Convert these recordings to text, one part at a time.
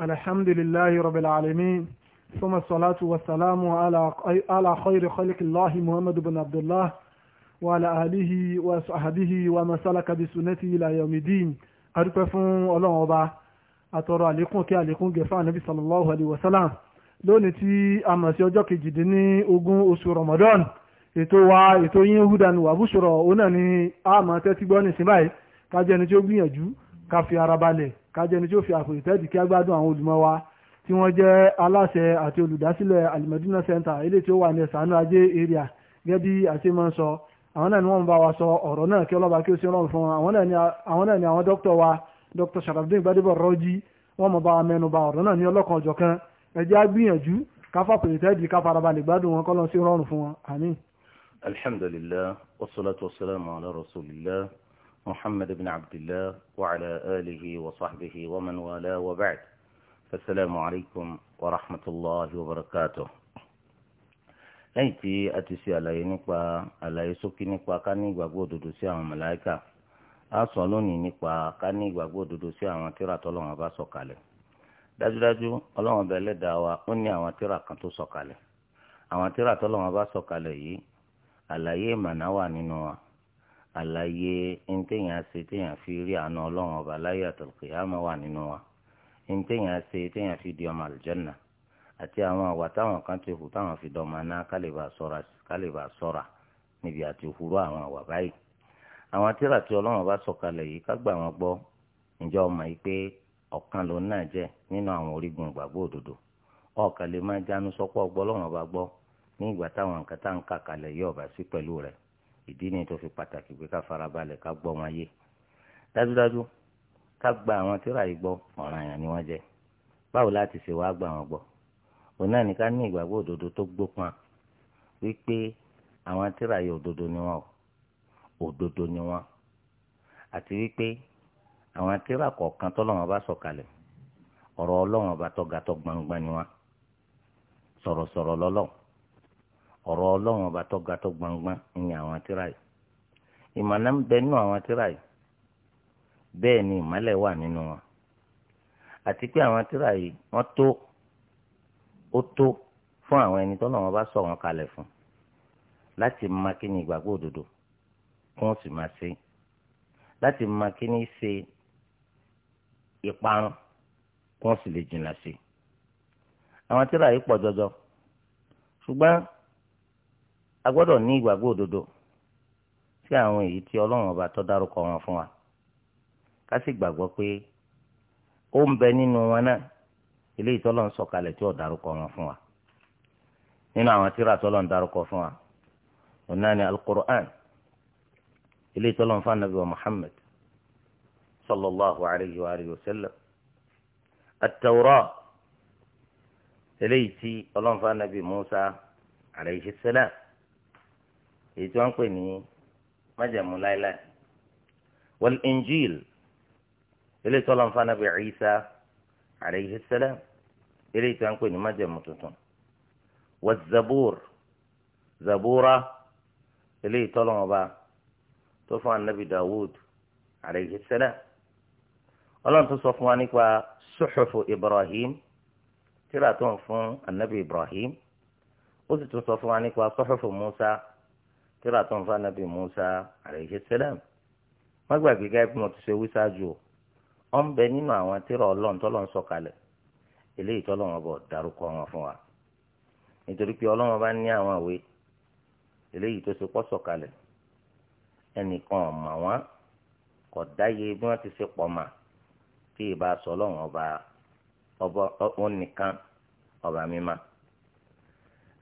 الحمد لله رب العالمين ثم الصلاة والسلام على على خير خلق الله محمد بن عبد الله وعلى آله وصحبه ومن سلك بسنته إلى يوم الدين adúpẹ́ fún ọlọ́run ọba àtọ̀rọ̀ àlékún kí àlékún gẹ̀fà níbi sallallahu alayhi wa sallam lónìí tí a mọ̀ sí ọjọ́ kejìdínní ogún oṣù ramadan ètò wa ètò yín húdàn wà búṣọ̀rọ̀ òun náà ni a mọ̀ tẹ́tí gbọ́ nísìnyí báyìí ká jẹ́ ẹni tí ó gbìyànjú ká fi ara balẹ̀ kájẹni tí ó fi àpòyìtẹ́ẹ̀dì kí agbádùn àwọn olùmọ̀ wa tí wọ́n jẹ́ aláṣẹ àti olùdásílẹ̀ alimọ̀dúnà center ilé tí ó wà ní ẹ̀sánú ajé area gẹ́gẹ́ bí àṣẹ máa ń sọ àwọn náà ni wọ́n ń bá wa sọ ọ̀rọ̀ náà kí ọlọ́ba kí ó ṣe rọrùn fún wọn àwọn náà ni àwọn dókítà wa dr sharafdin gbadebo rọjí wọ́n mọ̀ bá wa mẹ́nu bà ọ̀rọ̀ náà ní ọlọ́kan ọ̀jọ̀kan ẹ jẹ́ á gbìyànjú káfà pèrètẹ́ẹ̀dì káfarabalẹ̀ gbádùn wọn kọ́lọ́ sí rọrùn fún wọn àmín. alhamdulillah wassalatu wassalamu ala rasulillah محمد بن عبد الله وعلى آله وصحبه ومن والاه وبعد فالسلام عليكم ورحمة الله وبركاته lẹ́yìn tí a ti ṣe àlàyé nípa àlàyé sókè nípa ká ní ìgbàgbọ́ òdodo sí àwọn màláíkà a sọ lónìí nípa ká ní ìgbàgbọ́ òdodo sí àwọn tírà tọ́lọ́wọ́n bá sọ̀kalẹ̀ dájúdájú ọlọ́wọ́n bẹ lẹ́dàá wa ó ní àwọn tírà kan tó sọ̀kalẹ̀ àwọn tírà tọ́lọ́wọ́n bá sọ̀kalẹ̀ yìí àlàyé ìmọ̀nà wà nínú wa àlàyé ntẹ̀yàn ṣe tẹ̀yàn fi rí àánú ọlọ́run ọba láyé àtàlùkìyàmá wà nínú wa ntẹ̀yàn ṣe tẹ̀yàn fi di ọmọ àlùjànnà àti àwọn àwà táwọn kan ti hù táwọn fi dọ̀mọ náà kálíbà sọ́ra níbi àti hurú àwọn àwà báyìí àwọn tí ọlọ́run ọba sọ̀kalẹ̀ yìí ká gbà wọ́n gbọ́ ọmọ yìí pé ọ̀kan ló náà jẹ́ nínú àwọn orígun ìgbàgbọ́ òdodo máa jánu ọgbọ́ ọlọ́run ọba gbọ́ ní ìgbà ìdí ni tó fi pàtàkì pé ká farabalẹ̀ ká gbọ́ wọn yé dájúdájú ká gba àwọn tíra yìí gbọ́ ọ̀ranyàn ni wọ́n jẹ́ báwo láti ṣe wàá gba wọn gbọ́ òun náà ní ká ní ìgbàgbọ́ òdodo tó gbópọn wípé àwọn tíra yìí òdodo ni wọn òdodo ni wọn àti wípé àwọn tíra kọ̀ọ̀kan tọ́lọ́wọ́n bá sọ̀kalẹ̀ ọ̀rọ̀ ọlọ́wọ́n bá tọ́ga tó wọn sọ̀rọ̀sọ̀rọ̀ lọ́lọ́wọ́ ọ̀rọ̀ ọlọ́run ọba tó ga tó gbangban ní àwọn tírà yìí ìmọ̀nà ń bẹ nínú àwọn tírà yìí bẹ́ẹ̀ ni ìmọ̀lẹ̀ wà nínú wọn àti pé àwọn tírà yìí wọ́n tó ó tó fún àwọn ẹni tọ́lọ́ wọn bá sọ wọn kalẹ̀ fún láti máa kí ni ìgbàgbọ́ òdodo kí wọ́n máa ṣe láti máa kí ni ṣe ìparun kí wọ́n lè jìnnà sí àwọn tírà yìí pọ̀ jọjọ ṣùgbọ́n a gbọ́dọ̀ ní ìgbàgbọ́ òdodo sí àwọn èyí tí ọlọ́run ọba tó dárúkọ wọn fún wa ká sì gbàgbọ́ pé ó ń bẹ nínú wọn náà eléyìí tọ́lọ́ ń sọ̀kalẹ̀ tí ò dárúkọ wọn fún wa nínú àwọn tíra tọ́lọ́ ń dárúkọ fún wa òun alukur'an eléyìí tọ́lọ́ ń fa wa muhammed sallallahu alayhi wa alihi wa sallam atawura eléyìí tí ọlọ́nfà nàbí musa alayhi salam èyí tí wọ́n ń pè ní májẹ̀mú láéláé wal injil eléyìí tí Ọlọ́run fún Ànábì Ìsá alayhi salam eléyìí tí wọ́n ń pè ní májẹ̀mú tuntun wal zabur zabura eléyìí tí Ọlọ́run Ọba tó fún Ànábì Dawud alayhi salam Ọlọ́run tó sọ fún wa nípa suhufu Ibrahim tírà tó ń fún Ànábì Ibrahim ó sì tún sọ fún wa nípa suhufu Musa tíra tó ń fa nàbì Musa alayhi salam má gbàgbé gáyé bí mo ti ṣe wí ṣáájú o ọ ń bẹ nínú àwọn tíra ọlọ́run tọ́lọ́ ń sọ̀kalẹ̀ eléyìí tọ́lọ́ wọn bọ̀ dárúkọ wọn fún wa nítorí pé ọlọ́run bá ní àwọn àwé eléyìí tó ṣe pọ̀ sọ̀kalẹ̀ ẹnìkan ọ̀mà wọn kò dáyé bí wọ́n ti ṣe pọ̀ mà tí ìbá sọ ọlọ́run ọba ọ̀hún nìkan ọba mímá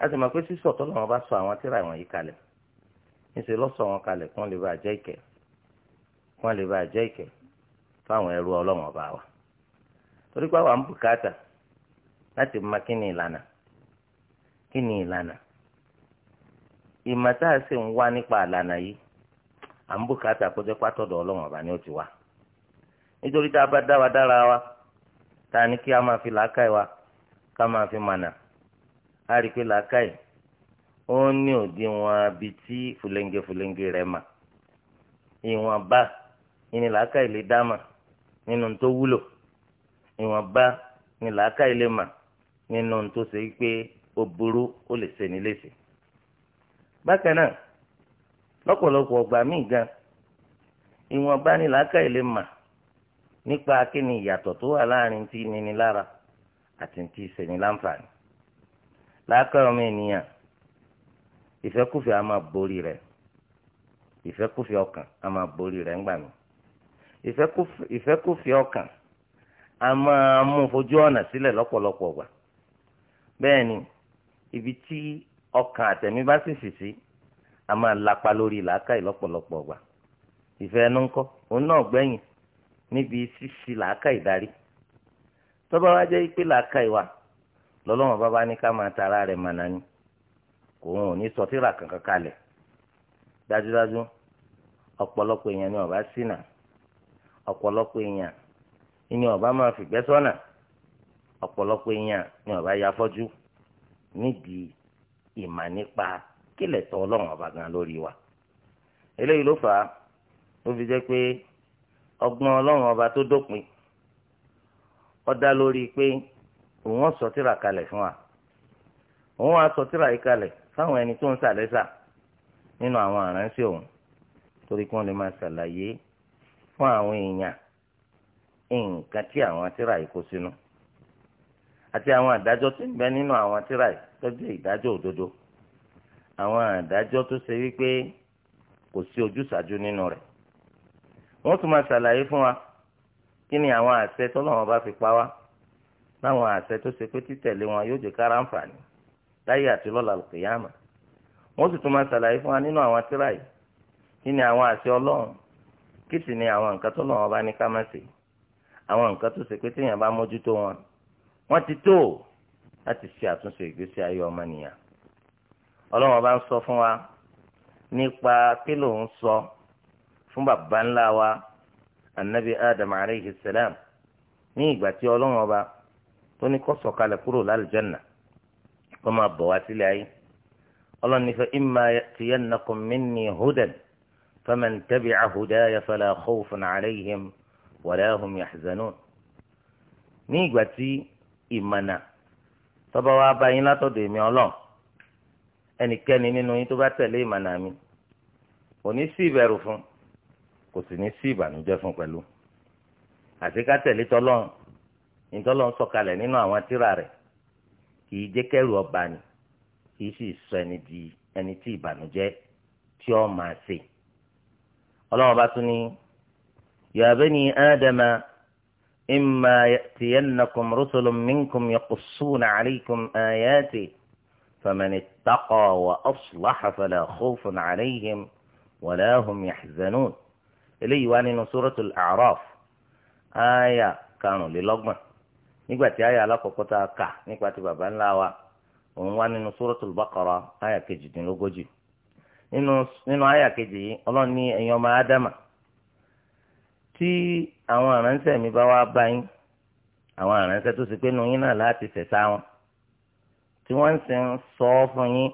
a sì mọ̀ pé sísọ̀ tọ́lọ́run ọba sọ àwọn tíra ìwọ̀nyí kalẹ̀ níṣẹ́ lọsọ wọn kalẹ̀ kí wọ́n lè bá jẹ́ ìkẹ́ wọ́n lè bá jẹ́ ìkẹ́ fáwọn wa torí pé lati ma láti mọ kí ni ìlànà kí ni ìlànà ìmọ̀tá sì ń wá nípa ìlànà yìí àǹbùkátà kó jẹ́ pátọ́dọ̀ ọlọ́wọ́n bá ní ó a bá wa dára wa ni kí a máa fi làákàyè wa ká máa fi mànà á rí i pé ó ní òdiwọ̀n abi tí fúlẹ́ńgẹ́ fúlẹ́ńgẹ́ rẹ̀ mà ìwọ̀n bá ìní làákà ilé dámà nínú tó wúlò ìwọ̀n bá ní làákà ilé mà nínú tó ṣe pé ó burú ó lè ṣe ní léṣe. bákan náà lọ́pọ̀lọpọ̀ ọgbà míì gan ìwọ̀n bá ní làákà ilé mà nípa kíni ìyàtọ̀ tó wà láàrin tí nini lára àti tí ṣe ní láǹfààní. làákà ọmọ ènìyàn ìfẹ́kùfẹ́ a máa borí rẹ̀ ìfẹ́kùfẹ́ ọkàn a máa borí rẹ̀ ńgbà mí ìfẹ́kùfẹ́ ọkàn a máa mú fojú ọ̀nà sílẹ̀ lọ́pọ̀lọpọ̀ gbà bẹ́ẹ̀ ni ibi tí ọkàn àtẹ̀mí bá sì sì sí a máa lapa lórí làákàyè lọ́pọ̀lọpọ̀ gbà ìfẹ́ ẹnu ńkọ́ òun náà gbẹ̀yìn níbi ṣíṣí làákàyè darí tọ́ba wa jẹ́ pé làákàyè wa lọ́lọ́wọ́n bá bá ní ká máa tara rẹ̀ mànà ni òun ò ní sọ tírà kankan kalẹ̀ dájúdájú ọ̀pọ̀lọpọ̀ èèyàn ni ọba ṣìnà ọ̀pọ̀lọpọ̀ èèyàn ni ọba máa fìgbẹ́ sọ́nà ọ̀pọ̀lọpọ̀ èèyàn ni ọba ya fọ́jú nídìí ìmọ̀ nípa kílẹ̀ tọ́ ọlọ́run ọba gan lórí wa eléyìí ló fà á ló fi jẹ́ pé ọgbọ́n ọlọ́run ọba tó dópin ó dá lórí pé òun ó sọ tírà kalẹ̀ fún wa òun á sọ tírà yìí kalẹ̀ fáwọn ẹni tó ń sàlẹ́sà nínú àwọn àránṣẹ́ òun torí kí wọ́n lè máa ṣàlàyé fún àwọn èèyàn nǹkan tí àwọn tíra yìí kó sínú àti àwọn àdájọ́ tó ń bẹ nínú àwọn tíra yìí tó jẹ́ ìdájọ́ òdodo àwọn àdájọ́ tó ṣe wípé kò sí ojúsàájú nínú rẹ̀ wọ́n tún máa ṣàlàyé fún wa kí ni àwọn àṣẹ tó lọ́wọ́ bá fi pa wá láwọn àṣẹ tó ṣe pé títẹ̀lé wọn yóò jẹ́ kára ń fà ní láyé àti lọ́la kìyàmà wọ́n sì tún máa ṣàlàyé fún wa nínú àwọn tírà yìí kí ni àwọn àṣẹ ọlọ́run kí sì ni àwọn nǹkan tó lọ́wọ́ bá ní ká má ṣe àwọn nǹkan tó ṣe pé téèyàn bá mójútó wọn wọ́n ti tó láti ṣe àtúnṣe ìgbésí ayé ọmọnìyàn ọlọ́run bá ń sọ fún wa nípa kí lòun sọ fún bàbá ńlá wa anabi adam aleyhi salam ní ìgbà tí ọlọ́run ọba tó ní kó sọ̀kalẹ̀ kúrò lálùjánnà kó máa bọ̀ wá sílẹ̀ ayé ọlọ́ni fẹ́ imma ya'tiyannakum minni hudan faman tabi'a hudaya fala khawfun alayhim wala hum yahzanun. ní ìgbà tí ìmọ̀nà tọ́ba wa bá yín látọ̀dọ̀ èmi ọlọ́run ẹnikẹ́ni nínú yín tó bá tẹ̀lé ìmọ̀nà mi kò ní sí ìbẹ̀rù fún kò sì ní sí ìbànújẹ́ fún pẹ̀lú àti ká tẹ̀lé tọ́lọ́run ìtọ́lọ́run sọ̀kalẹ̀ nínú àwọn tírà rẹ̀ kì í jẹ́ kẹ́rù ọba ni kì í sì sọ ẹni di ẹni tí ìbànújẹ́ tí ó máa ṣe. ọlọ́run bá tún ní ya bani ádámà imma ya'tiyannakum rusulun minkum yaqussuna alaykum ayati faman ittaqa wa aslaha fala khawfun alayhim wala hum eléyìí wá nínú suratul a'raf aya nígbà tí àyà alákọ̀ọ́kọ́ tá a kà nípa ti bàbá ńlá wa òun wá nínú suratul baqara àyà kejìdínlógójì nínú nínú àyà kejì yìí ọlọ́run ní ẹ̀yin ọmọ ádámà tí àwọn àránṣẹ́ mi bá wá bá yín àwọn àránṣẹ́ tó ṣe pé nu yín náà láti ṣẹ̀ṣá wọn tí wọ́n ń sìn sọ ọ́ fún yín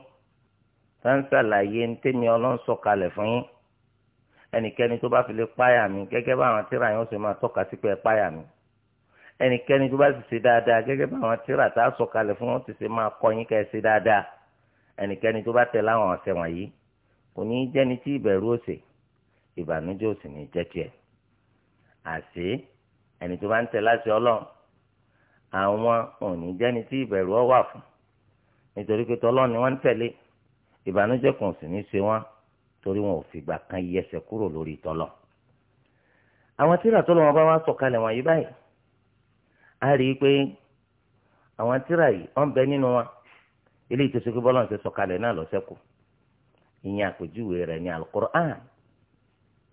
tá ṣàlàyé ń tẹ́mi ọlọ́run sọ̀kalẹ̀ fún yín ẹnikẹ́ni tó bá fi lè páyà mi gẹ́gẹ́ bá àwọn tíra yín ó sì máa tọ́ka sí pé ẹ páyà mi ẹnikẹ́ni tó bá sì ṣe dáadáa gẹ́gẹ́ bí àwọn tíra tá a sọ kalẹ̀ fún wọn ti ṣe máa kọ́ yín ká ẹ ṣe dáadáa ẹnikẹ́ni tó bá tẹ̀ láwọn ọ̀sẹ̀ wọ̀nyí kò ní í jẹ́ni tí ìbẹ̀rù òsè ìbànújẹ́ òsì ní jẹ́ tiẹ̀ ẹni tó bá ń tẹ̀ láti ọlọ́run àwọn òní jẹ́ni tí ìbẹ̀rù ọ wà fún nítorí pé tọ́lọ́ ni wọ́n ń tẹ̀lé ìbànújẹ́ kan sì ní ṣe wọ́n torí wọn ò fìgbà kan yẹsẹ̀ kúrò lórí tọ́lọ́ àwọn tíra tọ́lọ́ wọn bá wá sọ̀kalẹ̀ wọ̀nyí báyìí a rí i pé àwọn tíra yìí wọ́n bẹ nínú wa ilé ìtòsí pé bọ́lá ti sọ̀kalẹ̀ náà lọ sẹ́kù ìyẹn àpèjúwe rẹ̀ ní alukur'an ah,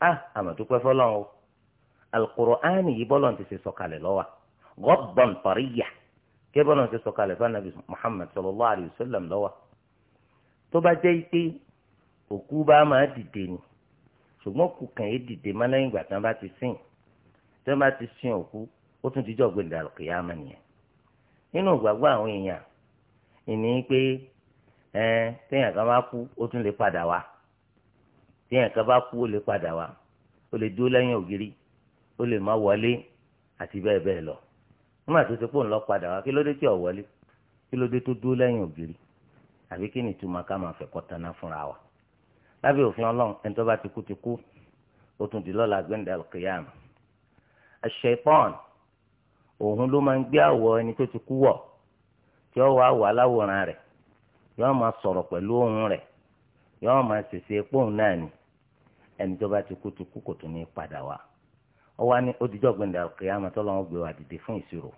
a àmọ̀dúpẹ́ fọlọ́n o alukur'an yìí bọ́lá ti sọ̀kalẹ̀ lọ́wọ́ gọ́bọ̀n pàríyà kí bọ́lá ti sọ̀kalẹ̀ fanabi muhammad sallallahu alayhi wa sallam lọ́wọ́ tó bá jẹ́ pé òkú bá máa dìde ni ṣùgbọ́n òkú kàn é dìde má lẹ́yìn bá ti sìn tí bá ti sìn òkú ó tún ti jọ gbẹ̀dẹ̀ àlùkìyàmọ̀ nìyẹn nínú ìgbàgbọ́ àwọn èèyàn ìní pé ẹ téèyàn kan bá kú ó tún lè padà wá téèyàn kan bá kú ó lè padà wá ó lè dúró lẹ́yìn ògiri ó lè má wọlé àti bẹ́ẹ̀ bẹ́ẹ̀ lọ nígbà tó ti pò ń lọ padà wá kí ló dé tí ò wọlé kí ló dé tó dúró lẹ́yìn ògiri àbí kí ni ìtumọ̀ ká máa fẹ́ kọ́ taná fúnra wa lábẹ́ òfin ọlọ́run ẹni tó bá ti kú ti kú ó tún di lọ́la gbẹ̀ndà kìyàmù àṣẹ pọ́ùn òun ló máa ń gbé àwọ̀ ẹni tó ti kú wọ̀ tí ó wà wà láwòrán rẹ̀ yóò máa sọ̀rọ̀ pẹ̀lú ohùn rẹ̀ yóò máa ṣèṣe pòun náà ni ẹni tó bá ti kú ti kú kò tún ní padà wá ó wá ní odijọ́ gbẹ̀ndà kìyàmà tó lọ́wọ́ gbé wa dìde fún ìṣirò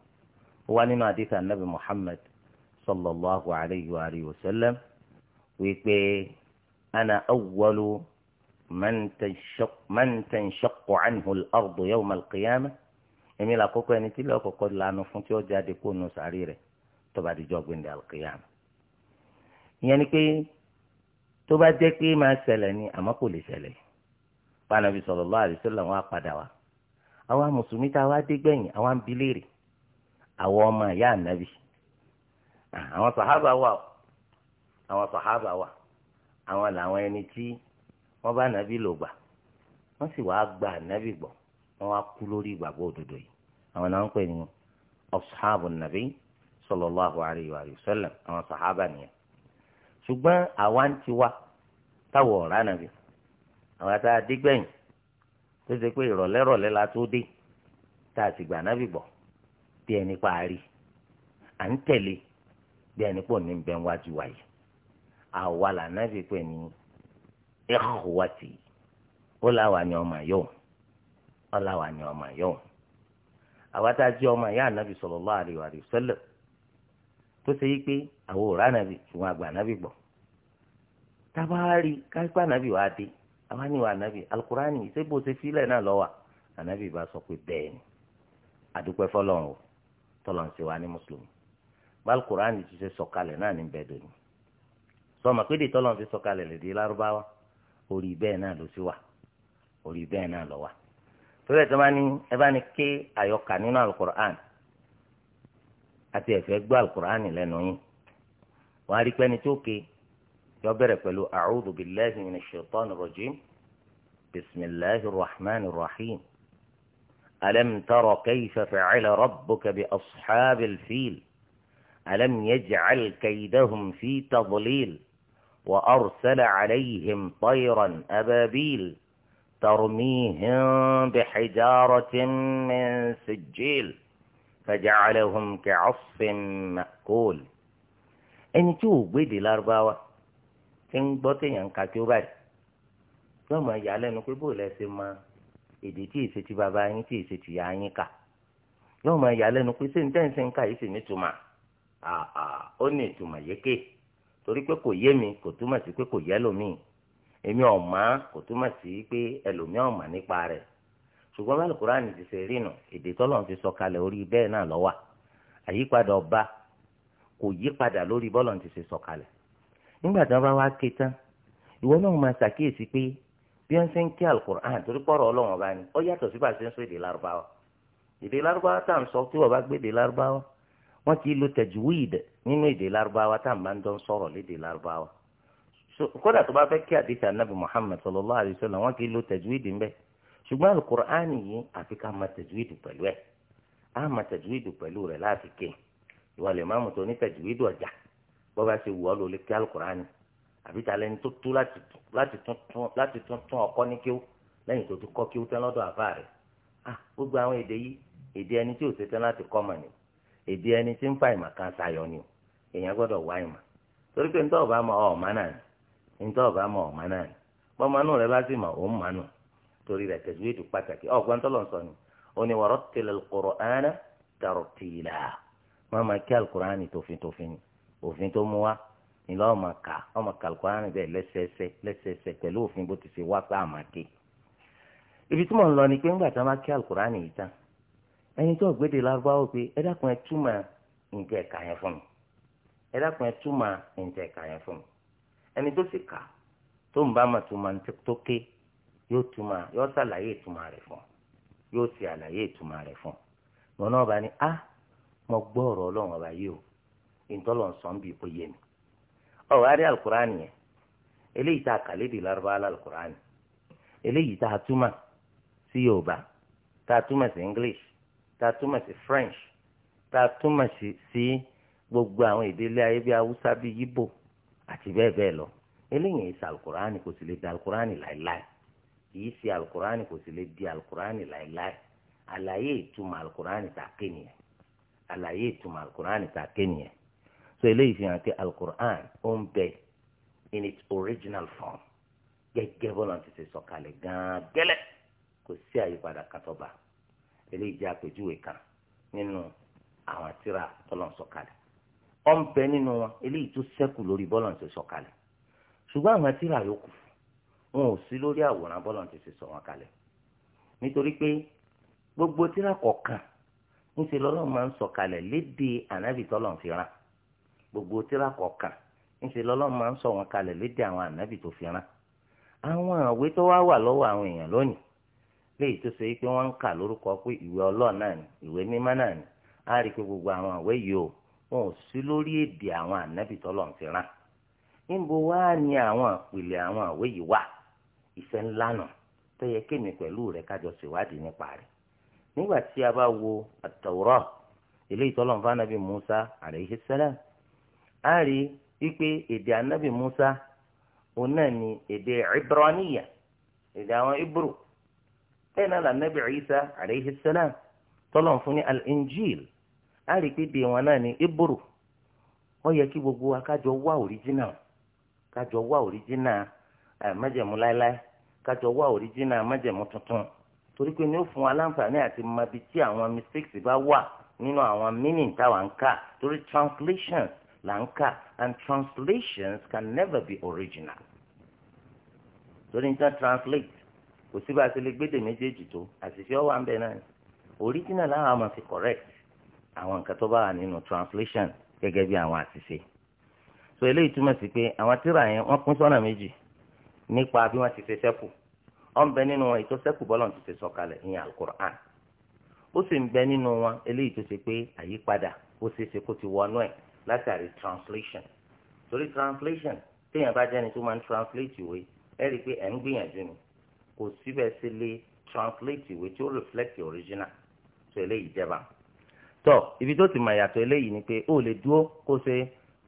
ó wá nínú àdìsá nàbì Muhammad sallallahu alayhi wa alihi wa sallam wípé ana awwalu man tanshaqqu anhu al-ardu yawma al-qiyamah èmi là kọ́kọ́ ẹni tí lọ́ọ́ kọ́kọ́ lanu fún tí ó jáde kó nu sàárì rẹ̀ tó bá dijọ́ gbẹ̀ndẹ̀ alqiyam ìyẹn ni pé tó bá jẹ́ pé máa ṣẹlẹ̀ ni àmọ́ kò lè ṣẹlẹ̀ pàànàbí sallallahu alaihi wasallam wá padà wá àwa mùsùlùmí tá a wá dé gbẹ̀yìn àwa ń bi léèrè àwọn ọmọ ìyá ànábì àwọn sàhábà wà àwọn sàhábà wà àwọn làwọn ẹni tí wọ́n bá ànábì lò gbà wọ́n sì wá gba ànábì gbọ́ wọn á kú lórí ìgbàgbọ́ òdodo yìí àwọn náà ń pè ní ọ̀sáàbù nàbí sallallahu alayhi wa sallam àwọn sàhábà nìyẹn ṣùgbọ́n àwa ń tiwa táwọn ọ̀rá nàbí àwọn àti àdégbẹ̀yìn tó ṣe pé ìrọ̀lẹ́rọ̀lẹ́ la tó dé tá a sì gbà bí à ń tẹ̀lé bí ẹni ní bẹ́ẹ̀ wájú là ọláwà ni ọmọ yòówù àwátá jẹ́ ọmọ ìyá ànábì sallallahu alaihi wa sallam tó ṣe yí pé àwọn òrà ànábì ṣùgbọ́n àgbà ànábì gbọ́ tábàárì káípa ànábì wàá dé àwọn ànábì alukurani ṣé ṣe fílẹ̀ náà lọ́wọ́ ànábì bá sọ pé ni àdúpẹ́ o tọ́lọ̀ ń ṣe wá ní mùsùlùmí balukurani ti ṣe sọ̀kalẹ̀ náà ní dòní sọmọ pé torí ẹ̀ tó bá ní ẹ bá ní ké àyọkà nínú alukur'an àti ẹ̀fẹ́ gbọ́ alukur'an lẹ́nu yín wọ́n á rí pẹ́ni tó ké yọ bẹ̀rẹ̀ pẹ̀lú a'udhu lẹ́hìn ní shaitanir rọ̀jì bisimilahi rahman rahim alẹ́ mi tọrọ kẹ́yì fẹ́fẹ́ fa'ala rọ́bù kẹ́bi ashabil fil alẹ́ alam yaj'al kaydahum fi tadlil wa arsala alayhim tayran ababil. ترميهم بحجارة من سجيل فجعلهم كعصف مأكول ẹni tí ò gbéde lárúbáwá tí ń gbọ́ téèyàn ń ka kí ó báyìí yóò máa yà á lẹ́nu pé bóòlù ẹsẹ̀ máa ti bàbá yín tí ti yà á yín kà yóò máa yà á lẹ́nu pé sèǹtẹ́ èmi ọ̀mà kò túmọ̀ sí pé ẹlòmíà ọ̀mà nípa rẹ̀ ṣùgbọ́n bá alukurani ti ṣe rí èdè tọ́lọ́run fi sọ kalẹ̀ orí bẹ́ẹ̀ náà lọ́wà àyípadà ọba kò yí padà lórí bọ́lọ̀ ti ṣe sọ kalẹ̀ nígbà tí wọ́n bá wá ké tán ìwọ náà máa ṣàkíyèsí pé bí wọ́n ṣe ń kí torí pọ̀rọ̀ ọlọ́wọ́n bá ní yàtọ̀ sí ń sọ èdè kódà tó bá fẹ́ kí àdìsí anábì muhammed sallallahu alayhi wa sallam wọn kì í lo tajwid ń bẹ ṣùgbọ́n alukur'ani yìí àfi ká ma tajwid pẹ̀lú ẹ̀ á ma tajwid pẹ̀lú rẹ̀ láti ké ìwà lè má mú tó ní tajwid ọjà bó bá ṣe wù ọ́ ló lè kí alukur'ani àbí ta lẹni tó tú láti tún tún ọkọ ní kíw lẹ́yìn tó ti kọ́ kíw tán lọ́dọ̀ àbá rẹ̀ ah gbogbo àwọn èdè yìí èdè ẹni tí ò níta ọba mọ ọmọ náà ni pọmọnù rẹ bá sì mọ òun mọ nù torí rẹ tẹsíwéèdù pàtàkì ọgbọn tó lọ sọ ni òní wọrọ tẹlẹ Al-Qur'ana tartila wọn máa kí alukur'ani tófin tófin ni òfin tó mú wa ìlọ ọmọ ká ọmọ ká alukur'ani bẹ́ẹ̀ lẹ́sẹẹsẹ lẹ́sẹẹsẹ pẹ̀lú òfin bó ti ṣe wá pé àmà ké ibi tí mò ń lọ ni pé ńgbà tí wọn bá kí alukur'ani yìí tán ẹni tó gbéde lárúbáwò túmọ̀ nǹkan ẹ̀ka yẹn fún mi ẹ túmọ̀ nǹkan ẹ̀ka yẹn fún mi ẹni tó sì kà tó ń bá mà tó máa ń tó ké yóò túmọ̀ yóò ṣàlàyé ìtumọ̀ rẹ̀ fún yóò ṣe àlàyé ìtumọ̀ rẹ̀ fún wọn náà bá ní a mo gbọ́ ọ̀rọ̀ ọlọ́run ọba yìí o ìtọ́lọ̀ ń sọ́n bíi kó yé mi ọ̀rọ̀ adé alukur'ani yẹn eléyìí tá a kà lédè lárúbá alukur'ani eléyìí tá a túmọ̀ sí yorùbá tá a túmọ̀ sí english tá a túmọ̀ sí french tá a túmọ̀ sí gbogbo àwọn ìdílé ayé bíi haúsá bíi yíbò àti bẹ́ẹ̀ bẹ́ẹ̀ lọ eléyìí ìsà alukur'ani kò sì lè di alukur'ani láéláé kìí ṣe alukur'ani kò sì lè di alukur'ani láéláé àlàyé ìtumọ̀ alukur'ani ta kéèyàn àlàyé ìtumọ̀ alukur'ani ta kéèyàn so eléyìí fi hàn pé alukur'an ó ń bẹ in its original form gẹ́gẹ́ bọ́lá ti ṣe sọ̀kalẹ̀ gan-an gẹ́lẹ́ kò sí àyípadà kàtọ́ba eléyìí jẹ́ àpèjúwe kan nínú àwọn tírà tọ́lọ́ sọ̀kalẹ̀ ọ̀ ń bẹ nínú wọn eléyìí tó sẹ́kù lórí bọ́lọ̀ ti sọ kalẹ̀ ṣùgbọ́n àwọn tíra yòókù wọn ò sí lórí àwòrán bọ́lọ̀ ti sọ wọn kalẹ̀ nítorí pé gbogbo tíra kọ̀ọ̀kan níṣẹ́ lọ́lọ́run máa ń sọ kalẹ̀ léde ànábì tọ́lọ̀ ń fi rán gbogbo tíra kọ̀ọ̀kan níṣẹ́ lọ́lọ́run máa ń sọ wọn kalẹ̀ léde àwọn ànábì tó fi rán àwọn àwé tó wá wà lọ́wọ́ àwọn èèyàn lónìí léyìí tó ṣe pé wọ́n ń kà lórúkọ pé ìwé ọlọ́ọ̀ náà ni ìwé mímọ́ náà ni á rí i pé gbogbo àwọn àwé yìí o wọn ò sí lórí èdè àwọn ànábì tọ́lọ̀ ń fi rán níbo wá ni àwọn àpìlẹ̀ àwọn àwé yìí wà iṣẹ́ ńlá nà tó yẹ kémi pẹ̀lú rẹ̀ kájọ ṣèwádìí nípa rẹ̀ nígbà tí a bá wo àtàwòrán eléyìí tọ́lọ̀ ń fa ànábì Musa alayhi salam á rí wípé èdè ànábì Musa òun náà ni èdè Ibraniya èdè àwọn Ibru bẹ́ẹ̀ náà lànàbì Isa alayhi salam tọ́lọ̀ ń fún ní al á rí pé dè wọn náà ní eboro ó yẹ kí gbogbo wa kájọ wá òríjínà kájọ wá òríjínà májẹ̀mú láéláé kájọ wá òríjínà májẹ̀mú tuntun torí pé ní ó fún wa láǹfààní àti mabi tí àwọn mistakes bá wà nínú àwọn meaning táwa ń kà torí translations là ń kà and translations can never be original torí ní sàn translate kò sí bá a ti lè gbé dè méjèèjì tó àṣìṣe ọwọ́ à ń bẹ̀ náà original làwọn àmọ̀ fi correct àwọn nǹkan tó bá wà nínú translation gẹ́gẹ́ bí àwọn àṣìṣe so eléyìí túmọ̀ sí pé àwọn tíra yẹn wọ́n pín sọ́nà méjì nípa bí wọ́n ti ṣe sẹ́kù ó ń bẹ nínú wọn ètò sẹ́kù bọ́lọ̀ ti ṣe sọ̀kalẹ̀ ìyẹn alukur'an ó sì ń bẹ nínú wọn eléyìí tó ṣe pé àyípadà ó ṣe é ṣe kó ti wọnú ẹ̀ látàrí translation torí translation téèyàn bá jẹ́ni tó máa ń translate ìwé ẹ rí i pé ẹ̀ ń gbìyànjú ni kò síbẹ̀ sí lè translate ìwé tí ó reflect the original so eléyìí jẹba. So, tọ ibi tó ti mọ ìyàtọ̀ eléyìí ni pé ó lè dúró kó ṣe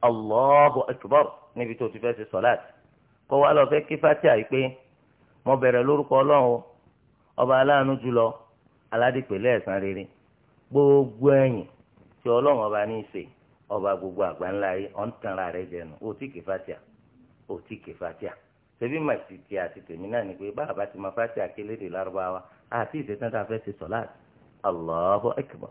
Allahu akbar níbi tó ti fẹ́ ṣe sọ̀láàtì kó wá lọ fẹ́ kí fatiha yìí pé mo bẹ̀rẹ̀ lórúkọ ọlọ́run ọba aláàánú jùlọ aládìpẹ̀lẹ́ ẹ̀san rere gbogbo ẹ̀yìn tí ọlọ́run ọba ní í ṣe ọba gbogbo àgbáńlá yìí ọ̀n tanra rẹ̀ jẹnu òtí kì fatiha òtí kì fatiha ṣebí màsìkì àti tèmi náà ni pé báàbá ti ma fatiha kéléde lárúbáwá àti ìṣẹ́tàn fẹ́ ṣe sọ̀láàtì Allahu akbar.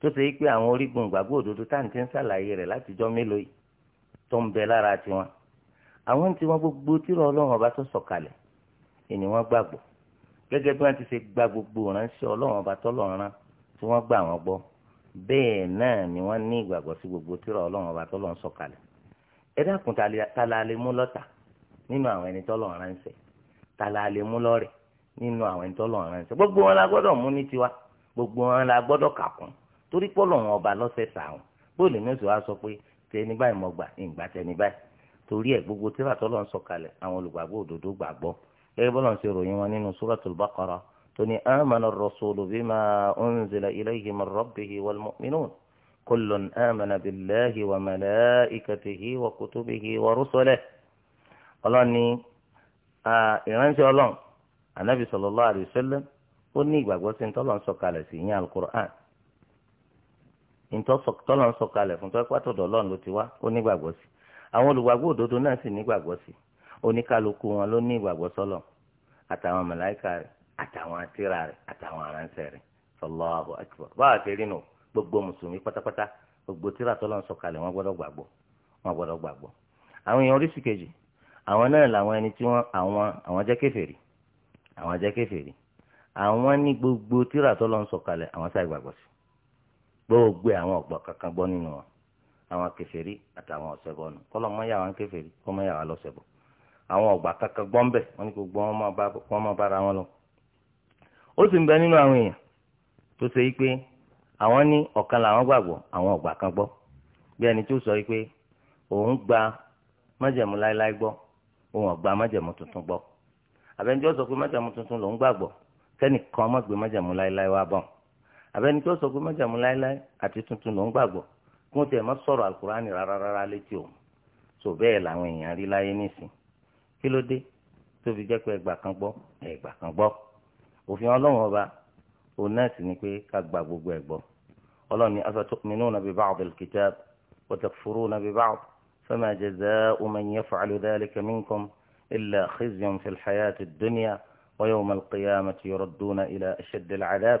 tó ṣe pé àwọn orígun ìgbàgbọ́ òdodo táǹtí ń ṣàlàyé rẹ̀ látijọ́ mélòó yìí tó ń bẹ lára tiwọn àwọn tí wọ́n gbogbo tírà Ọlọ́run ọba tó sọ̀kalẹ̀ ìní wọ́n gbàgbọ́ gẹ́gẹ́ bí wọ́n ti ṣe gba gbogbo ránṣẹ́ Ọlọ́run ọba tó lọrán tí wọ́n gbà wọ́n gbọ́ bẹ́ẹ̀ náà ni wọ́n ní ìgbàgbọ́ sí gbogbo tírà Ọlọ́run ọba tó lọ sọ̀kalẹ̀ ẹ dákun tala lè mú lọ́tà nínú àwọn ẹni tó lọ ránṣẹ́ tala lè mú lọ́rẹ̀ nínú àwọn ẹni tó lọ ránṣẹ́ gbogbo wọn la gbọ́dọ̀ mú ní tiwa gbogbo wọn la gbọ́dọ̀ kà torí pọ́ lọ́wọ́n ọba lọ́sẹ̀ sàwọn bóyá lèmi oṣù wa sọ pé tẹni báyìí mọ̀ gbà ìgbà tẹni báyìí torí ẹ̀ gbogbo tíra tọ́lọ́ ń sọ̀kalẹ̀ àwọn olùgbàgbọ́ òdodo gbàgbọ́ gẹ́gẹ́ bọ́lá ń ṣe ròyìn wọn nínú suratul baqara tó ní amana ar-rasulu bima unzila ilayhi min rabbihi wal mu'minun kullun amana billahi wa malaikatihi wa kutubihi wa rusulihi ọlọ́ni ìránṣẹ́ ọlọ́run anabi sallallahu alayhi wa sallam ó ní ìgbàgbọ́ sí ń tọ́lọ́ ń sọ̀kalẹ̀ sí ìyẹn al ntọ́lọ́n sọ̀kalẹ̀ fún tọ́ pátọ̀dọ̀ ọlọ́run ló ti wá ó nígbàgbọ́ sí àwọn olùgbàgbọ́ òdodo náà sì nígbàgbọ́ sí oníkálukú wọn ló ní ìgbàgbọ́ sọ́lọ̀ àtàwọn màláíkà rẹ̀ àtàwọn àtìrà rẹ̀ àtàwọn aránṣẹ́ rẹ̀ Allahu akbar báwa ti rí nù gbogbo mùsùlùmí pátápátá gbogbo tírà tọ́lọ́n sọ̀kalẹ̀ wọn gbọ́dọ̀ gbàgbọ́ wọn gbọ́dọ̀ gbàgbọ́ àwọn èèyàn oríṣi kejì àwọn náà làwọn ẹni tí wọn àwọn àwọn jẹ́ kèfèrí àwọn jẹ́ kèfèrí gbogbo àwọn ọgbà kankan gbọ́ nínú wọn àwọn kèfèrí àtàwọn ọ̀sẹ̀bọ nù kọ́lọ́ mọ́ yà wọn kèfèrí kọ́ mọ́ yà wọn lọ́sẹ̀bọ àwọn ọgbà kankan gbọ́ ń bẹ̀ wọ́n ní gbogbo wọn máa bára wọn lọ. ó sì ń bẹ nínú àwọn èèyàn tó ṣe yí pé àwọn ní ọ̀kan làwọn gbàgbọ́ àwọn ọgbà kan gbọ́ bí ẹni tó sọ yí pé òun gba májẹ̀mú láéláé gbọ́ òun ọ̀gbà májẹ̀mú tuntun gbọ́ àbẹ̀njọ́ sọ pé májẹ̀mú tuntun lòún gbàgbọ́ àbẹ́ni tó sọ pé májàmú láéláé àti tuntun ló ń gbàgbọ́ kó tẹ̀ mọ sọ̀rọ̀ alukurani rárá rárá létí òun sọ bẹ́ẹ̀ làwọn èèyàn rí láyé nísìn kí ló dé tó fi jẹ́ pé ẹgbà kan gbọ́ ẹgbà kan gbọ́ òfin ọlọ́run ọba òun náà sì ni pé ká gba gbogbo ẹ̀ gbọ́ ọlọ́run ni afatu'minuna bi ba'd al-kitab wa takfuruna bi ba'd fama jaza'u man yaf'alu dhalika minkum illa khizyun fil hayati ad-dunya wa yawma al-qiyamati yuradduna ila ashaddi al-'adhab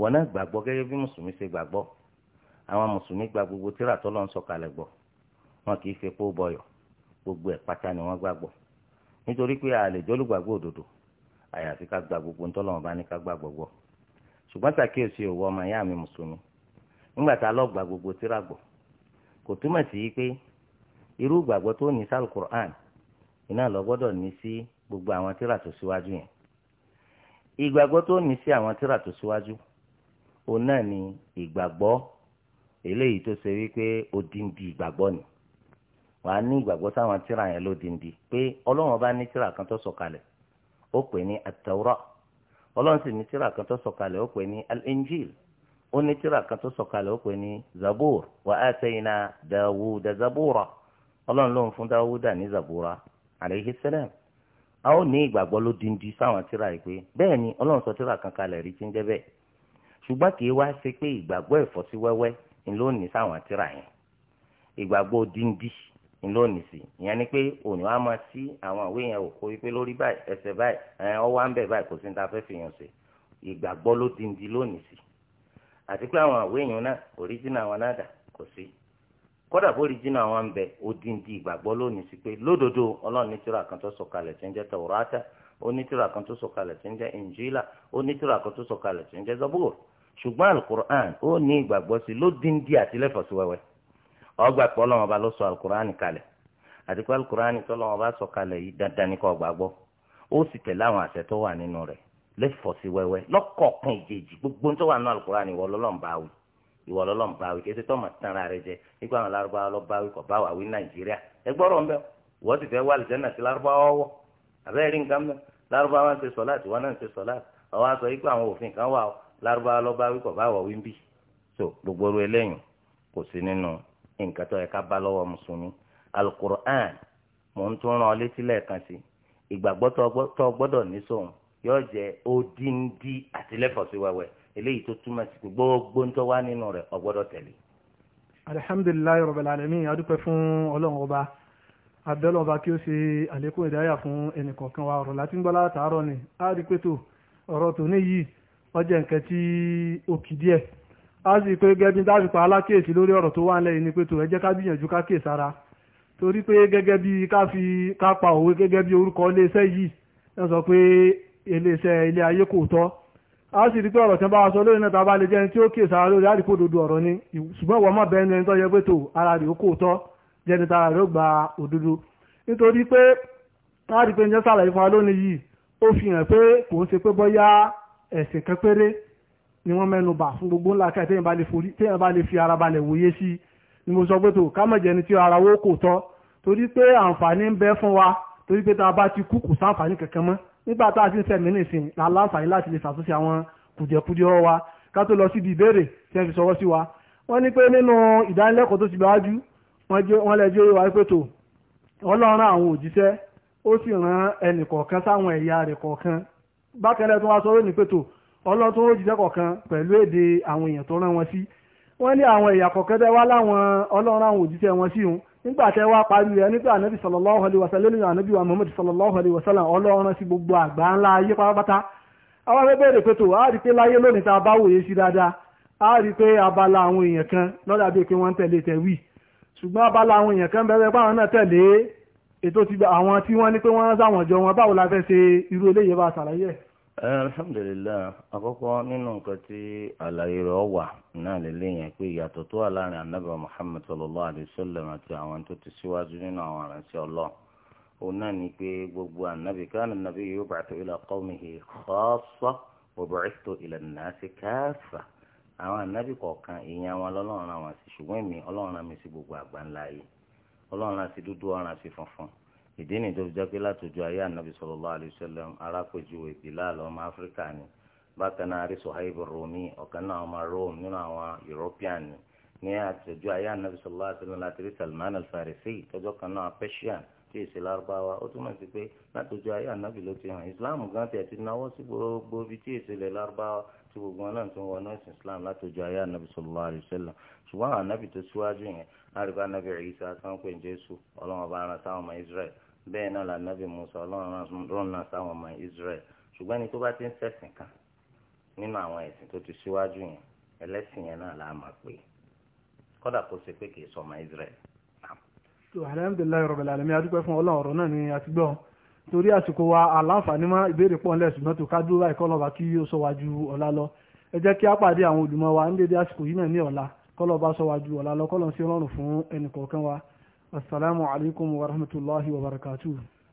ìwọ náà gbàgbọ́ gẹ́gẹ́ bí mùsùlùmí ṣe gbàgbọ́ àwọn mùsùlùmí gba gbogbo tíra tó lọ́n sọ̀kalẹ̀ gbọ́ wọn kì í fi epo bọyọ̀ gbogbo ẹ̀ pátá ni wọ́n gbàgbọ́ nítorí pé a lè jólùgbàgbọ́ òdodo àyàfi ká gba gbogbo ń tọ́lọ́wọ́n bá ní ká gbàgbọ́ gbọ́ ṣùgbọ́n ṣàkíyèsí òwò ọmọ ìyá mi mùsùlùmí nígbà tá a lọ gba gbogbo tíra gbọ́ kò túmọ̀ sí pé irú ìgbàgbọ́ tó ní sálù Qur'an iná lọ ní sí àwọn tíra tó síwájú yẹn ìgbàgbọ́ tó ní sí àwọn tíra tó síwájú òun náà ni ìgbàgbọ́ eléyìí tó ṣe wípé odindi ìgbàgbọ́ ni wàá ní ìgbàgbọ́ sáwọn tíra yẹn lódindi pé ọlọ́run ọba ní tíra kan tó sọ̀kalẹ̀ ó pè ní àtẹwúrọ̀ ọlọ́run sì ní tíra kan tó sọ̀kalẹ̀ ó pè ní al ó ní tíra kan tó sọ̀kalẹ̀ ó wa atayna dawuda zabura ọlọ́run ló fún dawuda ní zabura alayhi salam a ó ní ìgbàgbọ́ lódindi sáwọn tíra yìí pé bẹ́ẹ̀ ni ọlọ́run sọ tíra kan kalẹ̀ ṣùgbọ́n kì í wá ṣe pé ìgbàgbọ́ ìfọ́síwẹ́wẹ́ ń ló ní sáwọn tíra yẹn ìgbàgbọ́ díndí ń ló sí ìyẹn ni pé òní wa máa sí àwọn àwé yẹn ò kó wípé lórí báyìí ẹsẹ̀ báyìí ẹ̀ ọ́ wá ń bẹ̀ báyìí kò sí ní ta fẹ́ fi yàn ṣe ìgbàgbọ́ ló díndí lónìí sí àti pé àwọn àwé yẹn náà òríjìnà wọn náà dà kò sí kódà bó òríjìnà wọn ń bẹ odindi ìgbàgbọ́ lónìí sí pé lódodo ọlọ́run ní tíra kan Injila ó ní tíra kan tó Zabur ṣùgbọ́n alukur'an ó ní ìgbàgbọ́ sí ló dín díẹ̀ àti lẹ́fọ̀síwẹ́wẹ́ ọgbà pé ọlọ́run ọba ló sọ alukur'an kalẹ̀ àti pé alukur'an tó ọlọ́run ọba sọ kalẹ̀ yìí dandan ní kó gbàgbọ́ ó sì tẹ̀lé àwọn àṣẹ tó wà nínú rẹ̀ lẹ́fọ̀síwẹ́wẹ́ lọ́kọ̀ọ̀kan ìjèjì gbogbo tó wà nínú alukur'an ìwọ lọ́lọ́run bá wí ìwọ lọ́lọ́run bá wí kété tọ́mọ̀ tán ara rẹ jẹ nígbà àwọn lárúbáwá lọ bá wí kọ̀ wí nàìjíríà ẹ gbọ́rọ̀ ń bẹ́ wọ́n ti fẹ́ wà lìjẹ́ náà sí lárúbáwá wọ́ àbẹ́rẹ́ rí nǹkan mẹ́ lárúbáwá ń ṣe sọ́láàtì wọn náà ń ṣe sọ́láàtì àwọn aṣọ yìí pé àwọn òfin kan wà ó lárúbáwá lọ́ba wí kọ̀ bá so gbogbo oru eléyìn kò sí nínú nǹkan tó yẹ ká bá lọ́wọ́ mùsùlùmí alukur'an mò ń tún rán ọ létí lẹ́ẹ̀kan sí ìgbàgbọ́ tó gbọ́dọ̀ ní sóun yóò jẹ́ odindi àtìlẹ́fọ̀sí wẹ́wẹ́ eléyìí tó túmọ̀ sí gbogbo ń tọ́ wá nínú rẹ̀ ọ gbọ́dọ̀ tẹ̀lé. alihamdulilayi rabbil alamin adúpẹ́ fún ọlọ́run ọba abẹ́lẹ̀ ọba kí ó ṣe àlékún ìdáyà fún ẹnìkọ̀ọ̀kan wa ọ̀rọ̀ láti ń ni á rí pé tó ọ̀rọ̀ tòní yìí wọ́n jẹ́ nǹkan tí ó kì díẹ̀ a sì pé gẹ́gẹ́ bí dáàbì pa alákèésí lórí ọ̀rọ̀ tó wà ń lẹ́yìn ni pé tò ẹ jẹ́ ká gbìyànjú ká kè sára torí pé gẹ́gẹ́ bí ká fi ká pa òwe gẹ́gẹ́ bí orúkọ iléeṣẹ́ yìí ẹ sọ pé iléeṣẹ́ ilé ayé kò tọ́ a sì rí pé ọ̀rọ̀ tí wọ́n bá wa sọ lórí náà tá lè jẹ́ ẹni tí ó kè sára lórí àdìpọ̀ òdodo ọ̀rọ̀ ni ṣùgbọ́n ìwọ má bẹ́ẹ̀ ẹni tó yẹ pé tò ara rẹ̀ ó kò ẹ̀sìn kan péré ni wọ́n mẹ́nu bà fún gbogbo ńlá káyọ̀ téèyàn bá lè fi ara balẹ̀ wòye sí ni mo sọ pé tó ká mọ̀jẹ̀ ni tí ara wo kò tọ́ torí pé àǹfààní ń bẹ fún wa torí pé tá a bá ti kú kù sáǹfààní kankan mọ́ nígbà tá a ti ń sẹ̀mí nìsín la láǹfààní láti lè ṣàtúnṣe àwọn kùjẹ̀kùjẹ́ wa ká tó lọ sí ibi ìbéèrè tí wọ́n fi sọwọ́ sí wa wọ́n ní pé nínú ìdánilẹ́kọ̀ọ́ tó ti gbájú wọ́n lẹ́jọ́ wa pé tó ọlọ́run àwọn òjíṣẹ́ ó sì rán ẹnì kọ̀ọ̀kan sáwọn ẹ̀yà rẹ̀ kọ̀ọ̀kan bákẹ́lẹ́ tó wá sọ lónìí pẹ̀tò ọlọ́run tó ń jíjẹ́ kọ̀ọ̀kan pẹ̀lú èdè àwọn èèyàn tó rán wọn sí wọ́n ní àwọn ẹ̀yà kọ̀ọ̀kan tẹ́ wá láwọn ọlọ́run àwọn òjíṣẹ́ wọn sí òun nígbà tẹ́ wá parí rẹ̀ nígbà ànábì sallallahu alaihi wasallam lónìí ànábì wa Muhammad sallallahu ọlọ́run sí gbogbo àgbà ńlá ayé pátápátá àwọn rí pé láyé lónìí tá a bá wòye sí dáadáa rí pé abala ètò ti àwọn tí wọ́n ní pé wọ́n sáwọn jọ wọn báwo la fẹ́ ṣe irú eléyìí bá ṣàlàyé ẹ̀. alhamdulilayi àkọ́kọ́ nínú nǹkan tí àlàyé rẹ̀ wà náà lélẹ̀ yẹn pé ìyàtọ̀ tó wà láàrin anabi muhammed sallallahu alayhi wa sallam àti àwọn tó ti síwájú nínú àwọn aránṣẹ́ ọlọ́run òun náà ni pé gbogbo anabi káàna anabi yub'athu ila qawmihi khassa wa bu'ithtu ila an-nasi kaffa àwọn anabi kọ̀ọ̀kan àwọn ọlọ́run rán sí dúdú ọ̀ràn sí funfun ìdí nìyí tó fi jẹ́ pé látòjú ayé ànábì sallallahu alaihi wasallam arákòjúwe Bilal ọmọ áfíríkà ni bákan náà rí Suhaib Romi, ọ̀kan náà ọmọ Rome nínú àwọn European ni ní àtòjú ayé ànábì sallallahu alaihi wasallam láti rí Salman al-Farisi tọjọ́ kan náà Persian tí èsì lárúbáwá ó túmọ̀ sí pé látòjú ayé ànábì ló ti hàn Islam gan tiẹ̀ ti náwó sí gbogbo ibi tí èsì lè lárúbáwá tí gbogbo wọn náà ti wọnú ẹ̀sìn Islam látòjú ayé ànábì sallallahu alaihi wasallam ṣùgbọ́n ànábì tó síwájú yẹn àrùkọ anabi Isa sáwọn pé jésù ọlọ́run ọba ara sáwọn ọmọ israẹl bẹ́ẹ̀ náà là anabi musa ọlọ́run rọ́nà sáwọn ọmọ israẹl ṣùgbọ́n ní tó bá ti ń kan nínú àwọn ẹ̀sìn tó ti síwájú yẹn ẹlẹ́sìn yẹn náà là á máa kó ṣe pé kì sọmọ israẹl tó alhamdulilayi rọ̀bẹ̀ adúpẹ́ fún ọlọ́run ni torí àsìkò wa ìbéèrè pọ̀ ńlẹ̀ ṣùgbọ́n tó kájú kọ́ kọ́lọ̀ bá sọ wájú ọ̀la lọ kọ́lọ̀ sí ọlọ́run fún ẹnìkọ̀ọ̀kan wa assalamu alaikum wa rahmatullahi wa barakatuh